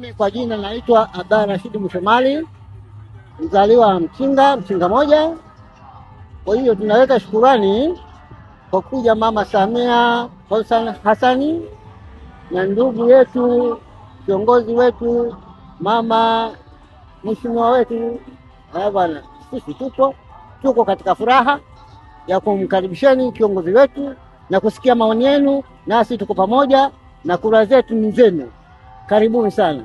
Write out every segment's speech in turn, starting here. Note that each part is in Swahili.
Mimi kwa jina naitwa Abdalla Rashidi Mshomali, mzaliwa wa Mchinga, Mchinga moja. Kwa hiyo tunaweka shukurani kwa kuja Mama Samia Hassan Hassani na ndugu yetu kiongozi wetu mama mheshimiwa wetu bwana. Sisi tupo tuko katika furaha ya kumkaribisheni kiongozi wetu na kusikia maoni yenu, nasi tuko pamoja na kura zetu ni zenu. Karibuni sana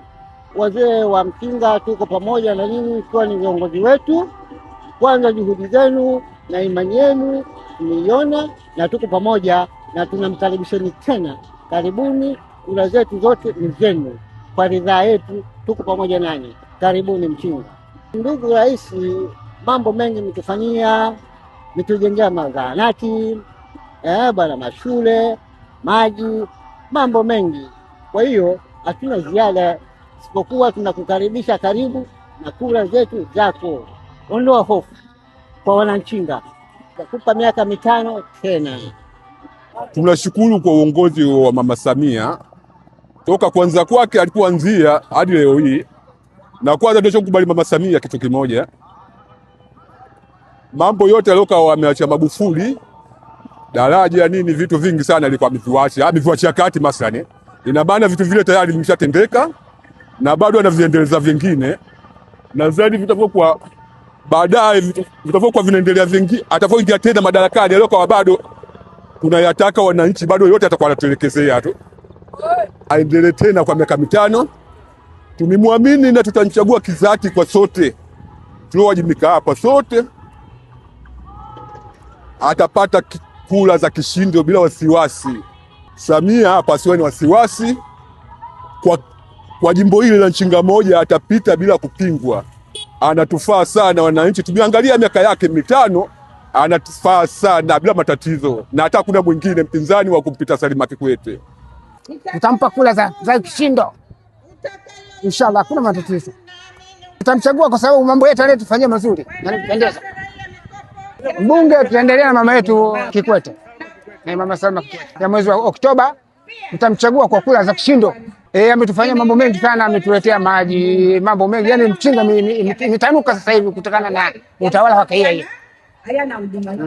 wazee wa Mkinga tuko pamoja na nyinyi, ikiwa ni viongozi wetu. Kwanza juhudi zenu na imani yenu tumeiona na tuko pamoja na tunamkaribisheni tena. Karibuni, kura zetu zote ni zenu, kwa ridhaa yetu, tuko pamoja nanyi. Karibuni Mchinga. Ndugu Rais, mambo mengi mtufanyia, mtujengea mazahanati eh, bwana, mashule, maji, mambo mengi. Kwa hiyo hatuna ziada isipokuwa tunakukaribisha karibu na kura zetu zako. Ondoa hofu kwa Wananchinga, takupa miaka mitano tena. Tunashukuru kwa uongozi wa Mama Samia toka kwanza kwake alipoanzia hadi leo hii. Na kwanza tunachokubali Mama Samia kitu kimoja, mambo yote aliyokuwa ameacha Magufuli, daraja nini, vitu vingi sana alikuwa ameviacha ameviacha kati, masani inabana vitu vile tayari vimeshatendeka na bado ana viendeleza vingine, na zaidi vitakuwa kwa baadaye, vitakuwa kwa vinaendelea vingi, atakapoingia tena madarakani aliyokuwa bado tunayataka wananchi, bado yote atakuwa anatuelekezea tu, aendelee tena kwa miaka mitano. Tumemwamini na tutamchagua kizati kwa sote tuliowajibika hapa sote. Atapata kula za kishindo bila wasiwasi. Samia hapa asiwe ni wasiwasi kwa kwa jimbo hili la Nchinga moja atapita bila kupingwa. Anatufaa sana wananchi, tumeangalia miaka yake mitano, anatufaa sana bila matatizo, na hata kuna mwingine mpinzani wa kumpita Salima Kikwete. Tutampa kula za, za kishindo inshallah, hakuna matatizo. Tutamchagua kwa sababu mambo yetu anayotufanyia mazuri yanapendeza. Mbunge tutaendelea na mama yetu Kikwete na mama Salma Kikwete, ya mwezi wa Oktoba tutamchagua kwa kula za kishindo. Eh, ametufanyia mambo mengi sana, ametuletea maji, mambo mengi yani, Mchinga imetanuka sasa hivi kutokana na utawala wake yeye.